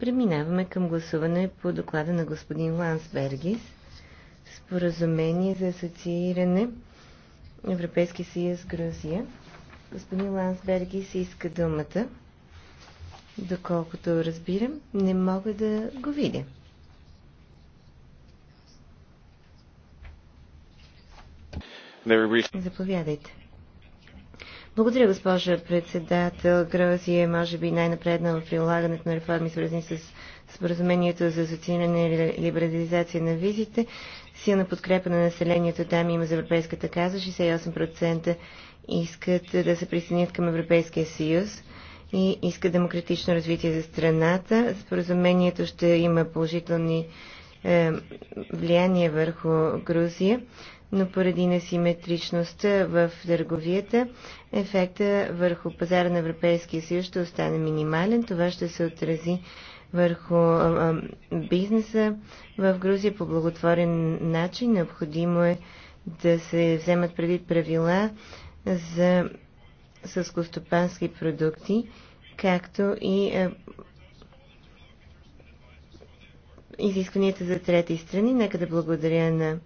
Преминаваме към гласуване по доклада на господин Лансбергис. Споразумение за асоцииране Европейски съюз Грузия. Господин Лансбергис иска думата. Доколкото разбирам, не мога да го видя. Заповядайте. Благодаря, госпожа председател. Грозия е, може би, най-напредна в прилагането на реформи, свързани с споразумението за асоцииране и либерализация на визите. Силна подкрепа на населението там има за европейската каза. 68% искат да се присъединят към Европейския съюз и искат демократично развитие за страната. Споразумението ще има положителни е, влияние влияния върху Грузия но поради несиметричността в търговията, ефекта върху пазара на Европейския съюз ще остане минимален. Това ще се отрази върху а, бизнеса в Грузия по благотворен начин. Необходимо е да се вземат преди правила за съскостопански продукти, както и а, изискванията за трети страни. Нека да благодаря на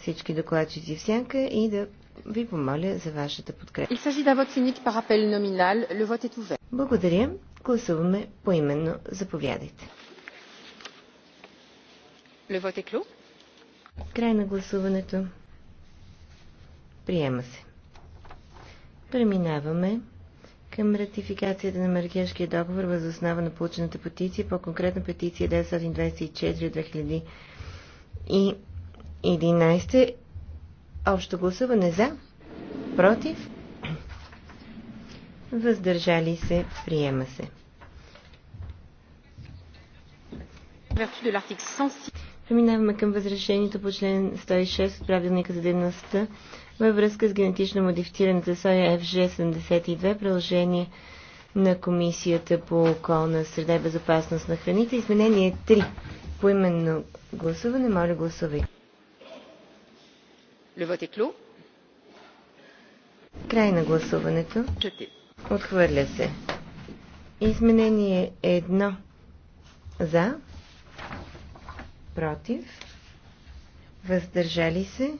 всички докладчици в сянка и да ви помоля за вашата подкрепа. Благодаря. Гласуваме поименно. Заповядайте. Край на гласуването. Приема се. Преминаваме към ратификацията на Маркешкия договор въз основа на получената петиция, по-конкретно петиция 924 от 2000 и 11. Общо гласуване за, против, въздържали се, приема се. Преминаваме към възрешението по член 106 от правилника за дейността във връзка с генетично модифицираната соя FG72, приложение на Комисията по околна среда и безопасност на храните. Изменение 3. Поименно гласуване. Моля гласувай. Le vote est clos. Край на гласуването. Отхвърля се. Изменение едно За. Против. Въздържали се.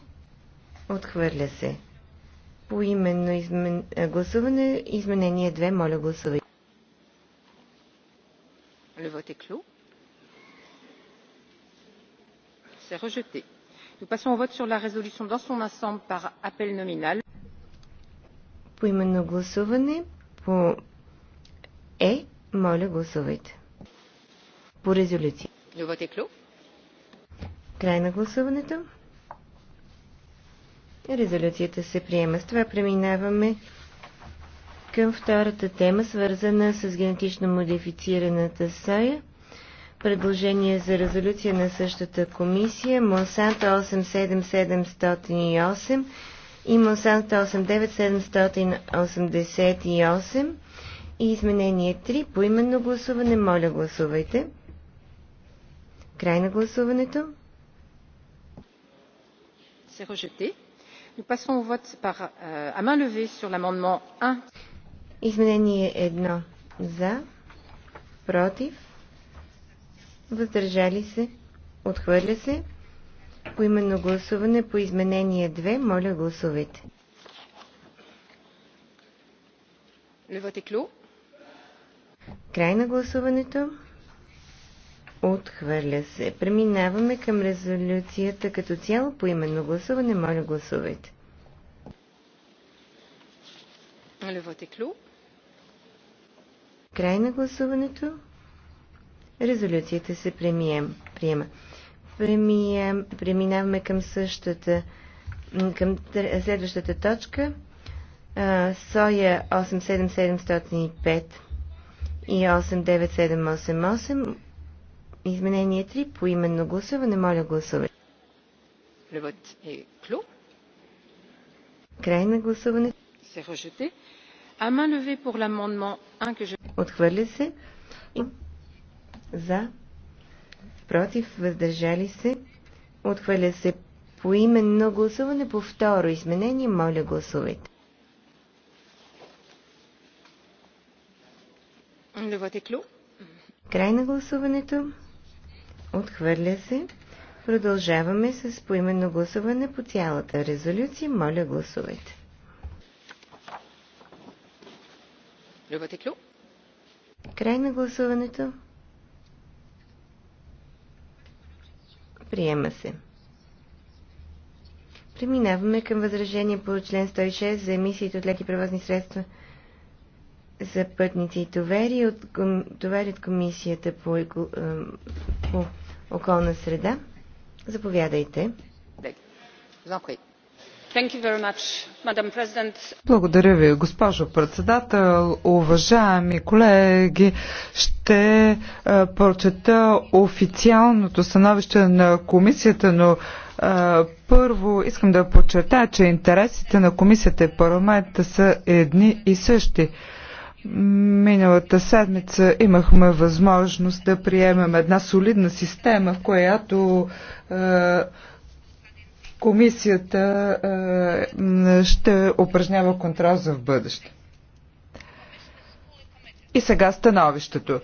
Отхвърля се. По именно измен... гласуване. Изменение 2. Моля гласувай. Le vote est clos. C'est rejeté. Nous passons au vote sur la résolution dans son ensemble par appel nominal. Поименно гласуване по Е, моля гласувайте. По резолюция. Le vote est clos. Край на гласуването. Резолюцията се приема. С това преминаваме към втората тема, свързана с генетично модифицираната соя – предложение за резолюция на същата комисия Монсанто 87708 и Монсанто 89788 и изменение 3 по именно гласуване. Моля, гласувайте. Край на гласуването. Се rejeté. Nous passons au vote par, euh, à main levée sur l'amendement 1. Изменение 1. За. Против въздържали се, отхвърля се. По именно гласуване по изменение 2, моля гласувайте. Край на гласуването. Отхвърля се. Преминаваме към резолюцията като цяло по именно гласуване. Моля гласувайте. Край на гласуването резолюцията се премием, приема. Премием, преминаваме към същата, към следващата точка. Соя 87705 и 89788 изменение 3 по именно гласуване. Моля гласувайте. Левът е клю. Край на гласуване. Се режете. А main levée pour 1 que Отхвърля се. И... За. Против. Въздържали се. Отхвърля се поименно гласуване по второ изменение. Моля, гласувайте. Край на гласуването. Отхвърля се. Продължаваме с поименно гласуване по цялата резолюция. Моля, гласувайте. Край на гласуването. Приема се. Преминаваме към възражение по член 106 за емисиите от леки превозни средства за пътници и товари от, товари от Комисията по, еко, по околна среда. Заповядайте. Запред. Благодаря ви, госпожо председател. Уважаеми колеги, ще е, прочета официалното становище на комисията, но е, първо искам да подчертая, че интересите на комисията и парламента са едни и същи. Миналата седмица имахме възможност да приемем една солидна система, в която е, комисията е, ще упражнява контрол за в бъдеще. И сега становището.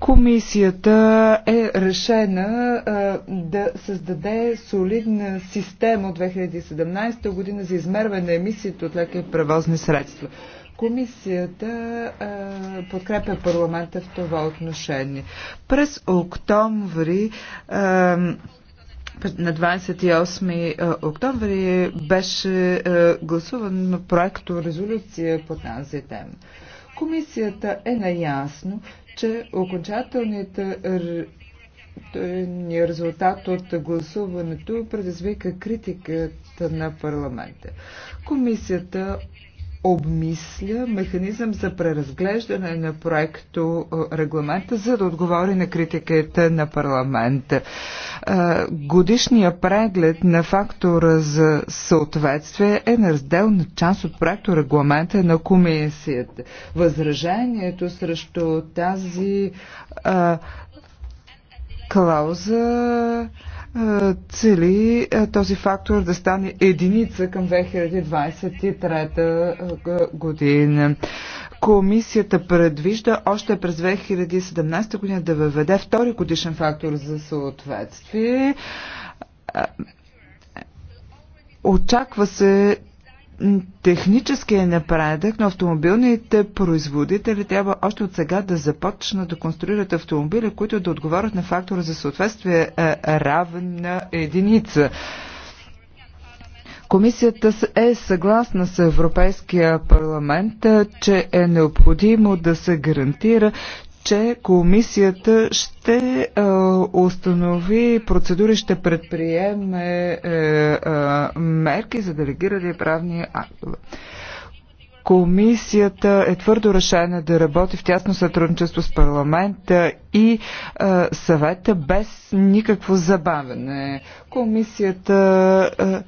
Комисията е решена а, е, да създаде солидна система от 2017 година за измерване на емисиите от леки превозни средства. Комисията а, е, подкрепя парламента в това отношение. През октомври а, на 28 е, октомври беше е, гласуван проекто резолюция по тази тема. Комисията е наясно, че окончателните резултат от гласуването предизвика критиката на парламента. Комисията обмисля механизъм за преразглеждане на проекто регламента, за да отговори на критиката на парламента. Годишният преглед на фактора за съответствие е на на част от проекто регламента на комисията. Възражението срещу тази а, клауза е, цели е, този фактор да стане единица към 2023 е, година. Комисията предвижда още през 2017 година да въведе втори годишен фактор за съответствие. Очаква се, техническия напредък на автомобилните производители трябва още от сега да започнат да конструират автомобили, които да отговарят на фактора за съответствие е, равна единица. Комисията е съгласна с Европейския парламент, е, че е необходимо да се гарантира, че комисията ще а, е, установи процедури, ще предприеме а, е, е, мерки за делегирали правни актове. Комисията е твърдо решена да работи в тясно сътрудничество с парламента и а, съвета без никакво забавене. Комисията а,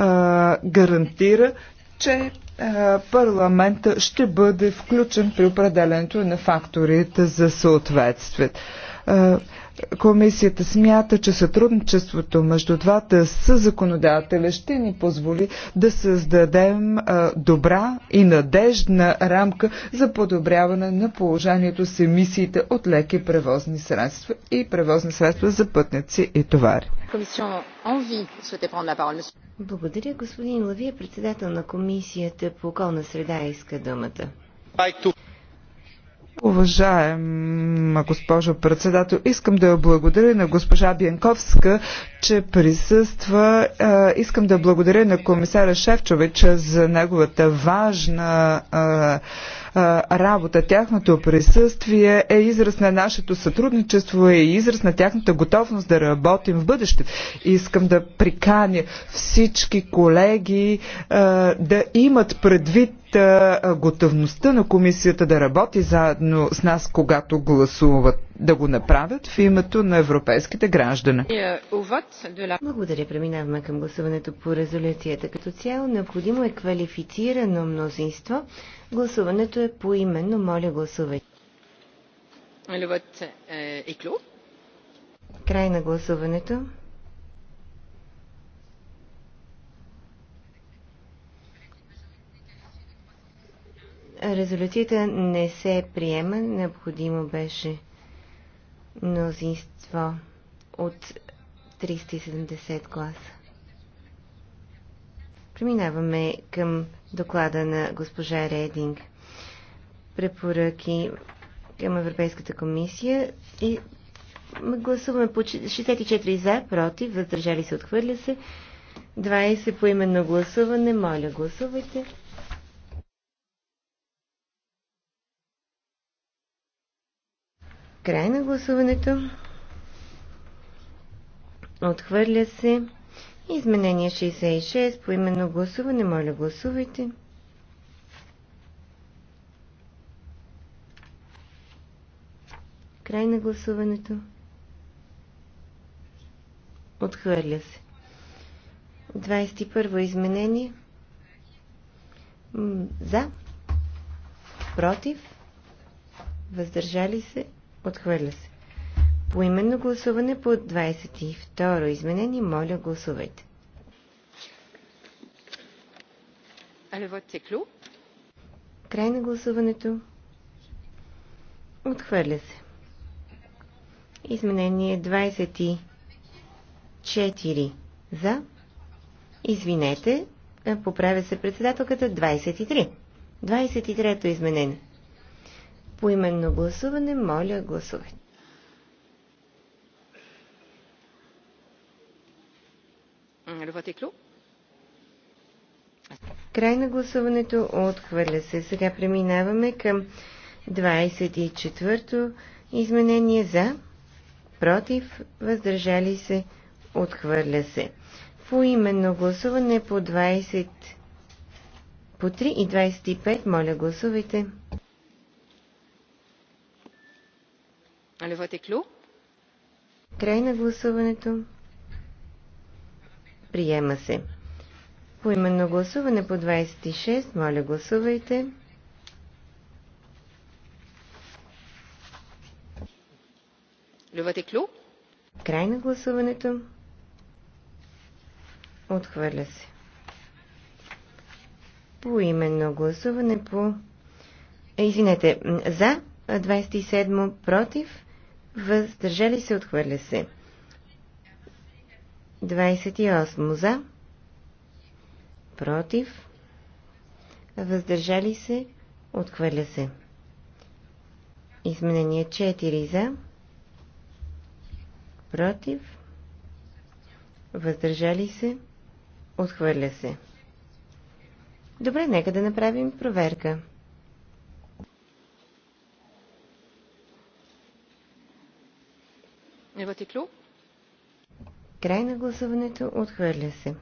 а, гарантира, че е, парламента ще бъде включен при определенето на факторите за съответствие. Е, Комисията смята, че сътрудничеството между двата законодателя ще ни позволи да създадем добра и надеждна рамка за подобряване на положението с емисиите от леки превозни средства и превозни средства за пътници и товари. Благодаря, господин Лавия, председател на Комисията по околна среда иска думата. Уважаема госпожо председател, искам да я благодаря на госпожа Бянковска, че присъства. Искам да благодаря на комисара Шевчовича за неговата важна работа. Тяхното присъствие е израз на нашето сътрудничество, е израз на тяхната готовност да работим в бъдеще. Искам да приканя всички колеги да имат предвид готовността на комисията да работи заедно с нас, когато гласуват да го направят в името на европейските граждани. Благодаря. Преминаваме към гласуването по резолюцията. Като цяло необходимо е квалифицирано мнозинство. Гласуването е поименно. Моля гласувайте. Е, Край на гласуването. Резолюцията не се приема. Необходимо беше мнозинство от 370 гласа. Преминаваме към доклада на госпожа Рединг. Препоръки към Европейската комисия и гласуваме по 64 за, против, въздържали се, отхвърля се. 20 по именно гласуване. Моля, гласувайте. Край на гласуването. Отхвърля се. Изменение 66. По именно гласуване. Моля, гласувайте. Край на гласуването. Отхвърля се. 21 изменение. За. Против. Въздържали се. Отхвърля се. Поименно гласуване по 22 изменение. Моля, гласувайте. Край на гласуването. Отхвърля се. Изменение 24 за. Извинете, поправя се председателката 23. 23-то изменение. По именно гласуване, моля, гласувайте. Край на гласуването отхвърля се. Сега преминаваме към 24-то изменение за, против, въздържали се, отхвърля се. По именно гласуване по 20, по 3 и 25, моля гласувайте. Le vote est clos. Край на гласуването. Приема се. Поименно гласуване по 26. Моля, гласувайте. Le vote est clos. Край на гласуването. Отхвърля се. Поименно гласуване по... Е, извинете, за 27, против въздържали се, отхвърля се. 28 за, против, въздържали се, отхвърля се. Изменение 4 за, против, въздържали се, отхвърля се. Добре, нека да направим проверка. Le Край на гласуването. Отхвърля се.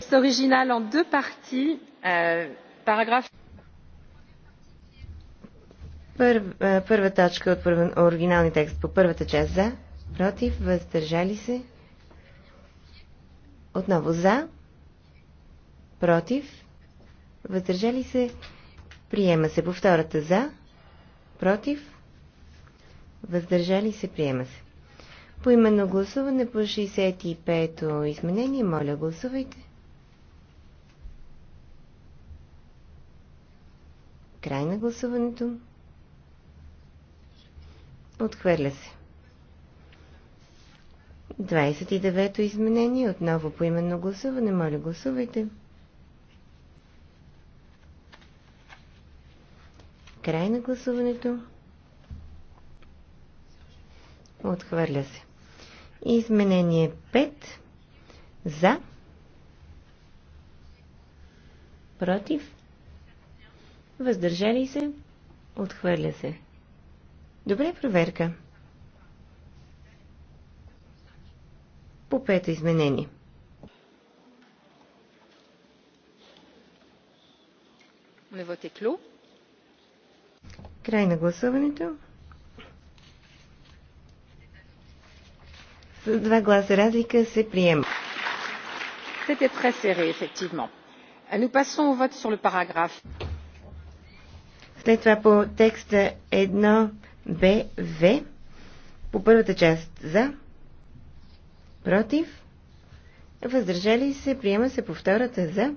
С оригинал от две парти. Параграф. Първа, точка от оригиналния текст по първата част за, против, въздържали се. Отново за, против, въздържали се, приема се по втората за, против, въздържали се, приема се. По именно гласуване по 65-то изменение, моля гласувайте. Край на гласуването. Отхвърля се. 29-то изменение, отново по именно гласуване, моля гласувайте. Край на гласуването. Отхвърля се. Изменение 5. За. Против. Въздържали се. Отхвърля се. Добре, проверка. По пето изменение. Край на гласуването. С два гласа разлика се приема. C'était très serré, effectivement. Euh, nous passons au vote sur le paragraphe. След това по текста 1 БВ по първата част за, против, въздържали се, приема се по втората за,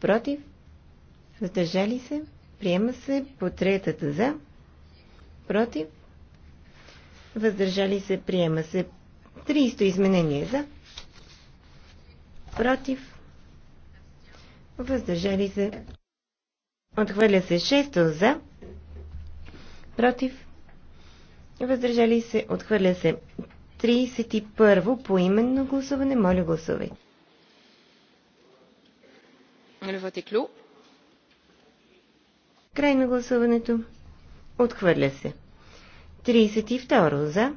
против, въздържали се, приема се по третата за, против, въздържали се, приема се. 300 изменение за, против, въздържали се, отхвърля се 6 за, против, въздържали се, отхвърля се 31 по именно гласуване, моля гласувай. Край на гласуването. Отхвърля се. 32 за.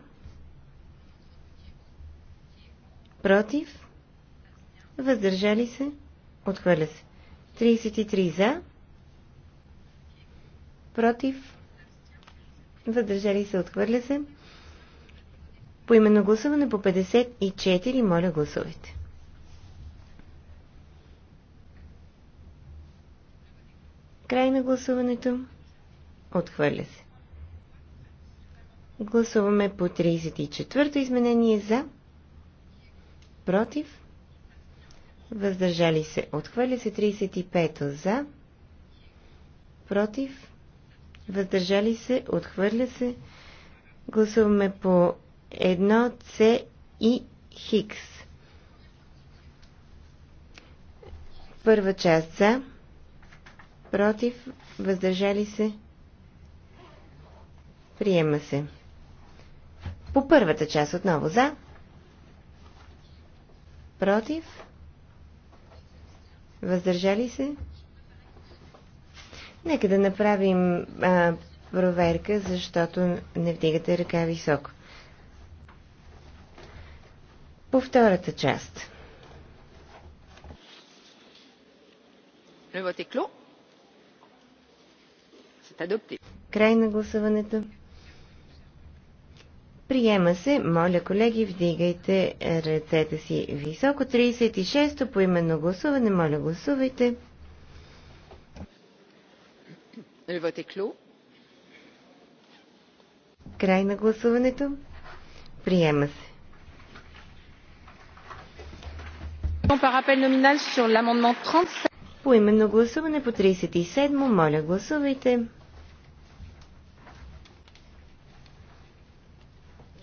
Против. Въздържали се. Отхвърля се. 33 за. Против. Въздържали се. Отхвърля се. По именно гласуване по 54. Моля гласувайте. Край на гласуването. Отхвърля се. Гласуваме по 34-то изменение за, против, въздържали се, отхвърля се 35-то за, против, въздържали се, отхвърля се. Гласуваме по 1, С и Хикс. Първа част за, против, въздържали се, приема се. По първата част отново за. Против. Въздържали се? Нека да направим а, проверка, защото не вдигате ръка високо. По втората част. Край на гласуването. Приема се. Моля, колеги, вдигайте е, ръцете си високо. 36-то по именно гласуване. Моля, гласувайте. Край на гласуването. Приема се. По именно гласуване по 37 моля гласувайте.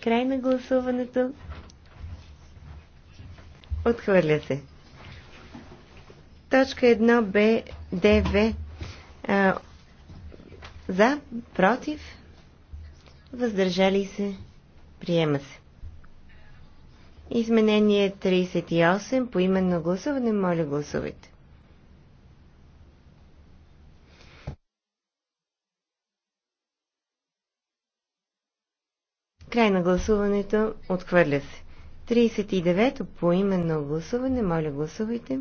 Край на гласуването. Отхвърля се. Точка 1 Б, за, против, въздържали се, приема се. Изменение 38 по именно гласуване, моля гласувайте. Край на гласуването. Отхвърля се. 39-то по именно гласуване. Моля, гласувайте.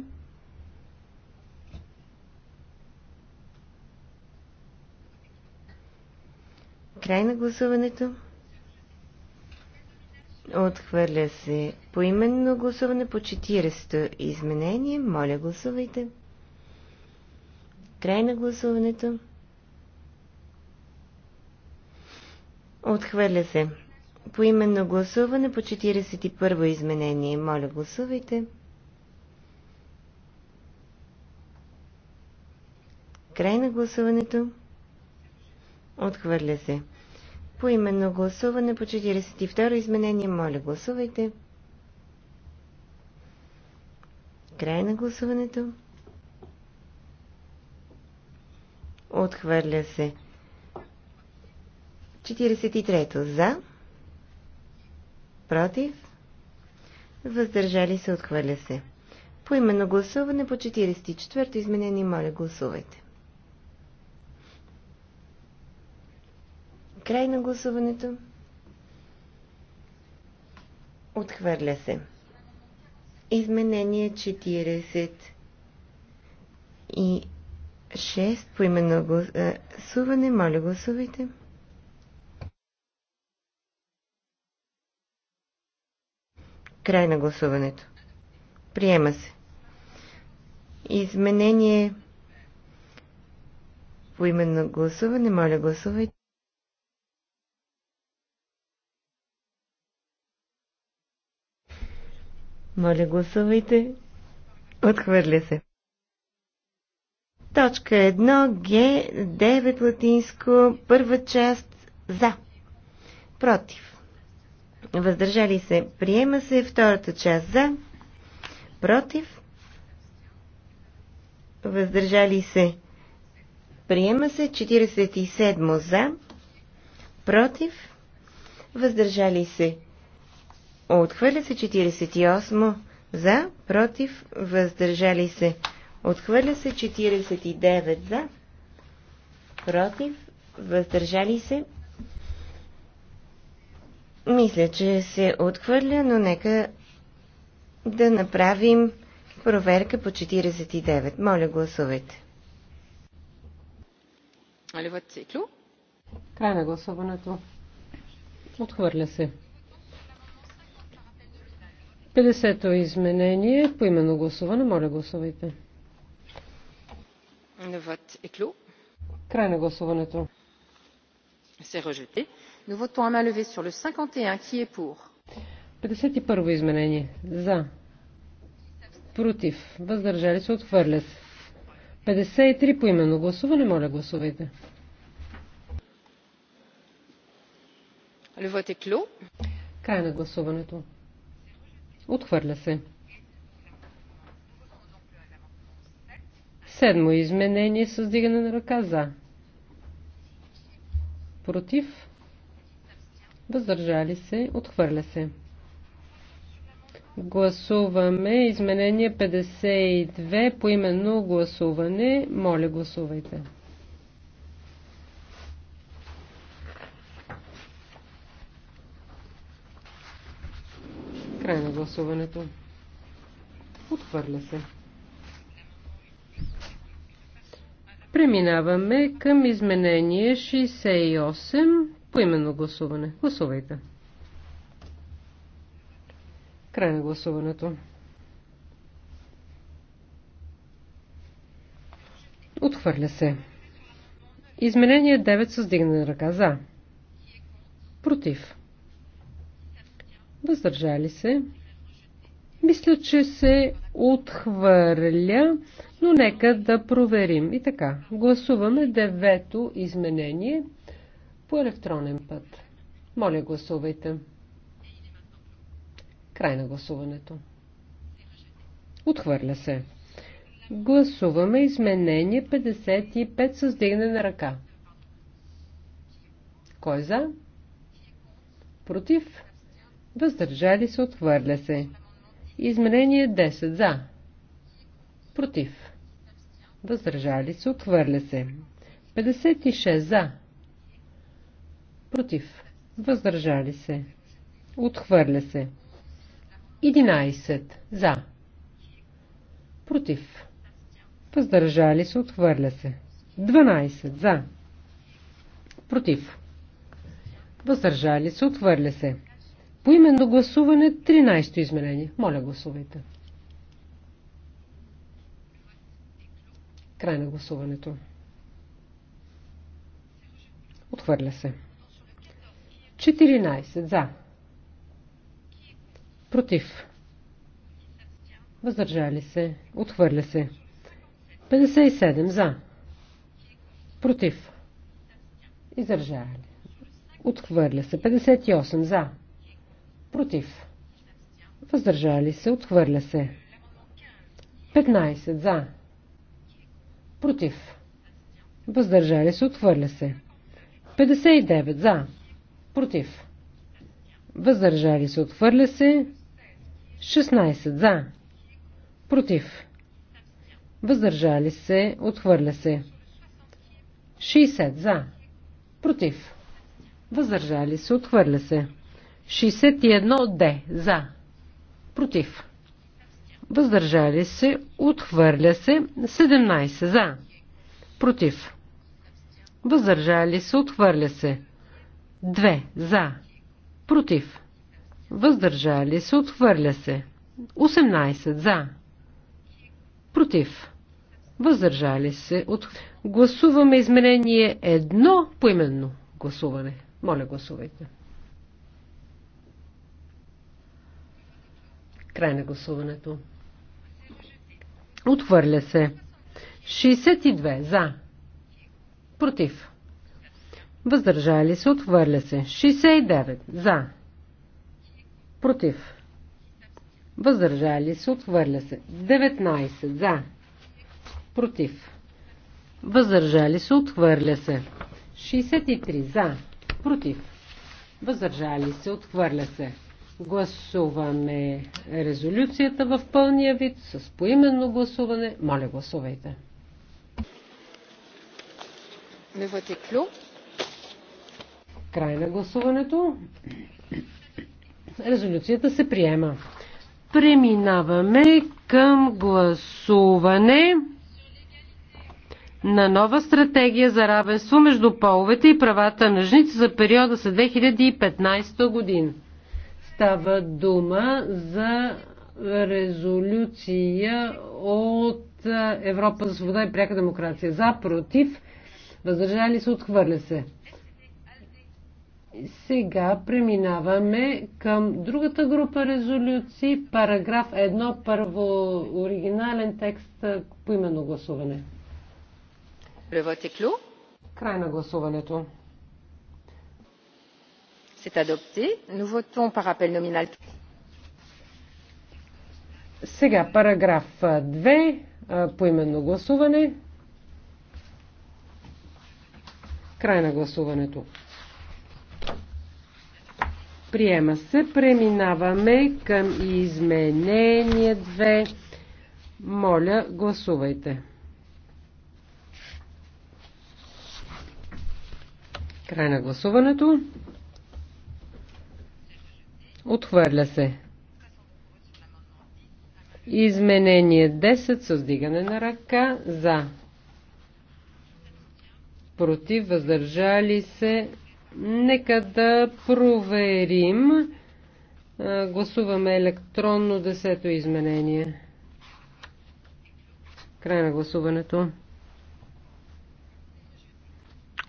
Край на гласуването. Отхвърля се по именно гласуване по 40-то изменение. Моля, гласувайте. Край на гласуването. Отхвърля се. По именно гласуване по 41-во изменение. Моля, гласувайте. Край на гласуването. Отхвърля се. По именно гласуване по 42-ро изменение. Моля, гласувайте. Край на гласуването. Отхвърля се. 43-то за против, въздържали се, отхвърля се. По именно гласуване по 44-то изменение, моля гласувайте. Край на гласуването. Отхвърля се. Изменение 40 и 6 по именно гласуване. Моля гласувайте. Край на гласуването. Приема се. Изменение по именно гласуване. Моля, гласувайте. Моля, гласувайте. Отхвърля се. Точка 1, Г, 9 латинско, първа част, за. Против въздържали се, приема се. Втората част за, против, въздържали се, приема се. 47 за, против, въздържали се, отхвърля се. 48 за, против, въздържали се, отхвърля се. 49 за, против, въздържали се, мисля, че се отхвърля, но нека да направим проверка по 49. Моля, гласувайте. Е Край на гласуването. Отхвърля се. 50-то изменение по именно гласуване. Моля, гласувайте. Е Край на гласуването. Се е режете. Nous votons à main levée sur le 51. Qui est pour? 51 изменение. За. Против. Въздържали се. Отхвърля се. 53 по именно гласуване. Моля, гласувайте. Le vote est clos. Край на гласуването. Отхвърля се. Седмо изменение с дигане на ръка за. Против въздържали се, отхвърля се. Гласуваме изменение 52 по именно гласуване. Моля, гласувайте. Край на гласуването. Отхвърля се. Преминаваме към изменение 68 по именно гласуване. Гласувайте. Край на гласуването. Отхвърля се. Изменение 9 с дигнена ръка за. Против. Въздържали се. Мисля, че се отхвърля, но нека да проверим. И така, гласуваме девето изменение по електронен път. Моля, гласувайте. Край на гласуването. Отхвърля се. Гласуваме изменение 55 с дигане на ръка. Кой е за? Против? Въздържали се, отхвърля се. Изменение 10 за. Против. Въздържали се, отхвърля се. 56 за. Против. Въздържали се. Отхвърля се. 11. За. Против. Въздържали се. Отхвърля се. 12. За. Против. Въздържали се. Отхвърля се. Поименно гласуване 13 изменение. Моля гласувайте. Край на гласуването. Отхвърля се. 14 за. Против. Въздържали се. Отхвърля се. 57 за. Против. Издържали. Отхвърля се. 58 за. Против. Въздържали се. Отхвърля се. 15 за. Против. Въздържали се. Отхвърля се. 59 за. Против. Въздържали се. Отхвърля се. 16 за. Против. Въздържали се. Отхвърля се. 60 за. Против. Въздържали се. Отхвърля се. 61 Д. За. Против. Въздържали се. Отхвърля се. 17 за. Против. Въздържали се. Отхвърля се. 2. За. Против. Въздържали се. Отхвърля се. 18. За. Против. Въздържали се. От... Гласуваме изменение едно поименно гласуване. Моля, гласувайте. Край на гласуването. Отхвърля се. 62. За. Против. Въздържали се, отхвърля се. 69. За. Против. Въздържали се, отхвърля се. 19. За. Против. Въздържали се, отхвърля се. 63. За. Против. Въздържали се, отхвърля се. Гласуваме резолюцията в пълния вид с поименно гласуване. Моля, гласувайте. Le клюк. Край на гласуването. Резолюцията се приема. Преминаваме към гласуване на нова стратегия за равенство между половете и правата на жените за периода след 2015 година. Става дума за резолюция от Европа за свобода и пряка демокрация. За, против, въздържали се, отхвърля се. Сега преминаваме към другата група резолюции. Параграф 1, първо оригинален текст по именно гласуване. Ревотеклю. Край на гласуването. C'est adopté. Nous votons par appel nominal. Сега параграф 2, по именно гласуване. Край на гласуването. Приема се. Преминаваме към изменение 2. Моля, гласувайте. Край на гласуването. Отхвърля се. Изменение 10 с вдигане на ръка за. Против, въздържали се, Нека да проверим. Гласуваме електронно десето изменение. Край на гласуването.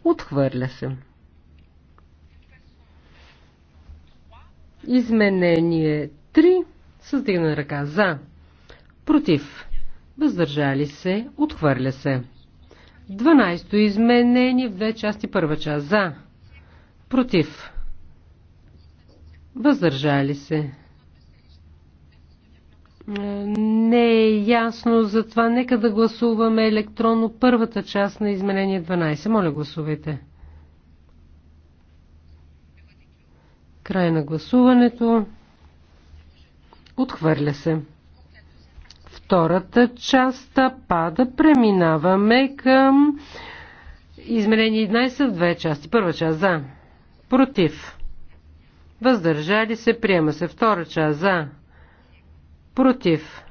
Отхвърля се. Изменение 3. Създигна ръка за. Против. Въздържали се. Отхвърля се. 12-то изменение в две части. Първа част за. Против. Въздържали се. Е, не е ясно, затова нека да гласуваме електронно първата част на изменение 12. Моля, гласувайте. Край на гласуването. Отхвърля се. Втората част пада. Преминаваме към изменение 11 в две части. Първа част за. Против. Въздържали се. Приема се. Втора част. За. Против.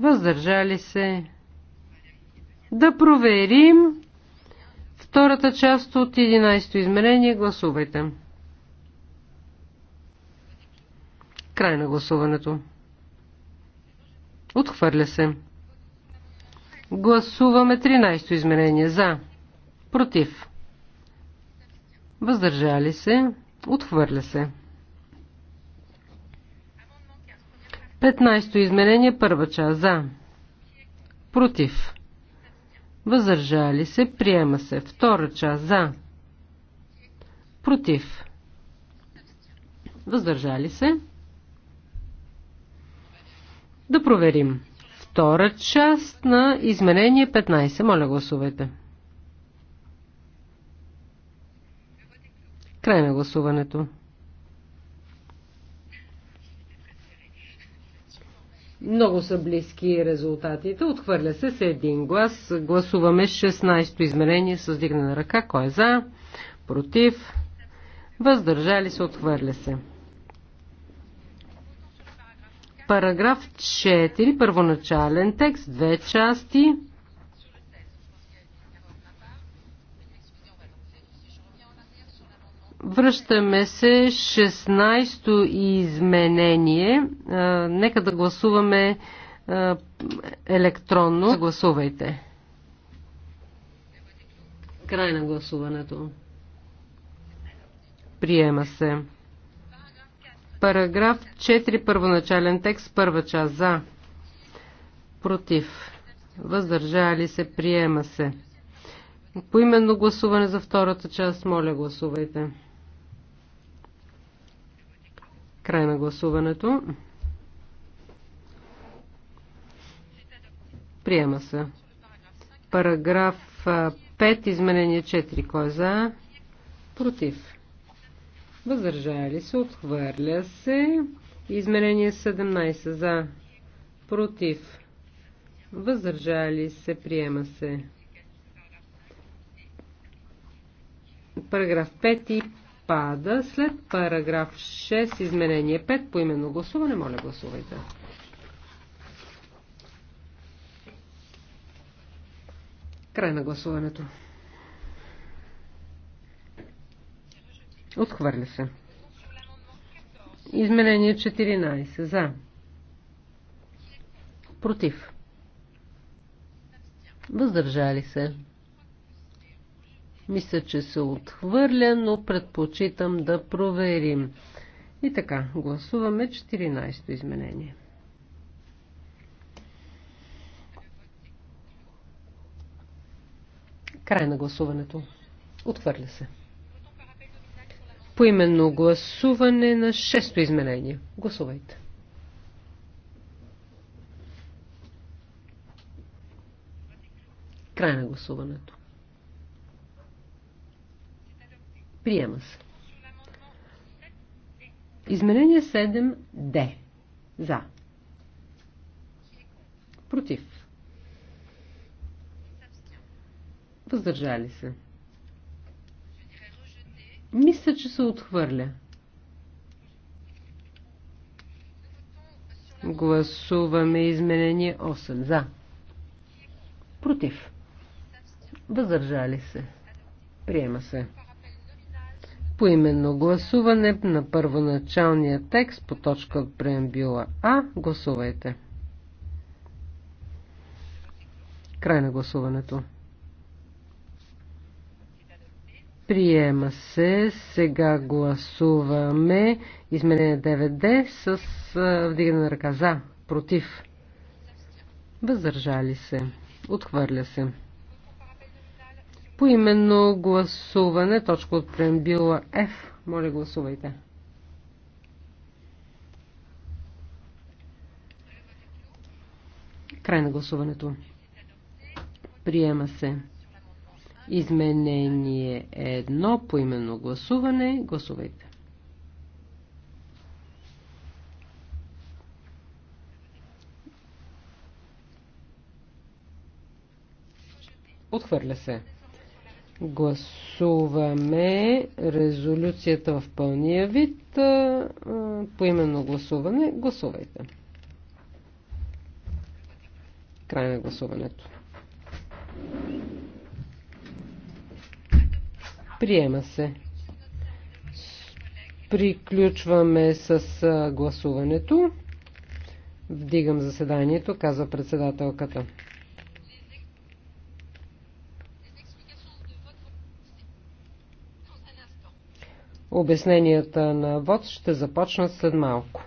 Въздържали се. Да проверим втората част от 11-то измерение. Гласувайте. Край на гласуването. Отхвърля се. Гласуваме 13-то измерение. За. Против въздържали се, отхвърля се. 15-то изменение, първа част, за, против, въздържали се, приема се, втора част, за, против, въздържали се. Да проверим. Втора част на изменение 15. Моля гласувайте. Край на гласуването. Много са близки резултатите. Отхвърля се с един глас. Гласуваме 16-то изменение с дигна на ръка. Кой е за? Против? Въздържали се? Отхвърля се. Параграф 4. Първоначален текст. Две части. Връщаме се 16-то изменение. Нека да гласуваме електронно. Гласувайте. Край на гласуването. Приема се. Параграф 4, първоначален текст, първа част за. Против. Въздържали се. Поименно гласуване за втората част. Моля, гласувайте. Край на гласуването. Приема се. Параграф 5, изменение 4. Кой е за? Против. Въздържали се. Отхвърля се. Изменение 17. За. Против. Въздържали се. Приема се. Параграф 5 и отпада след параграф 6, изменение 5 по именно гласуване. Моля, гласувайте. Край на гласуването. Отхвърля се. Изменение 14. За. Против. Въздържали се. Мисля, че се отхвърля, но предпочитам да проверим. И така, гласуваме 14-то изменение. Край на гласуването. Отхвърля се. Поименно гласуване на 6-то изменение. Гласувайте. Край на гласуването. Приема се. Изменение 7 Д. За. Против. Въздържали се. Мисля, че се отхвърля. Гласуваме изменение 8. За. Против. Въздържали се. Приема се. По именно гласуване на първоначалния текст по точка от преамбюла А. Гласувайте. Край на гласуването. Приема се. Сега гласуваме изменение 9D с вдигане на ръка за, против, въздържали се, отхвърля се. Поименно гласуване, точка от преамбила F. Моля, гласувайте. Край на гласуването. Приема се. Изменение е едно по именно гласуване. Гласувайте. Отхвърля се. Гласуваме резолюцията в пълния вид по именно гласуване. Гласувайте. Край на гласуването. Приема се. Приключваме с гласуването. Вдигам заседанието, казва председателката. Обясненията на ВОД ще започнат след малко.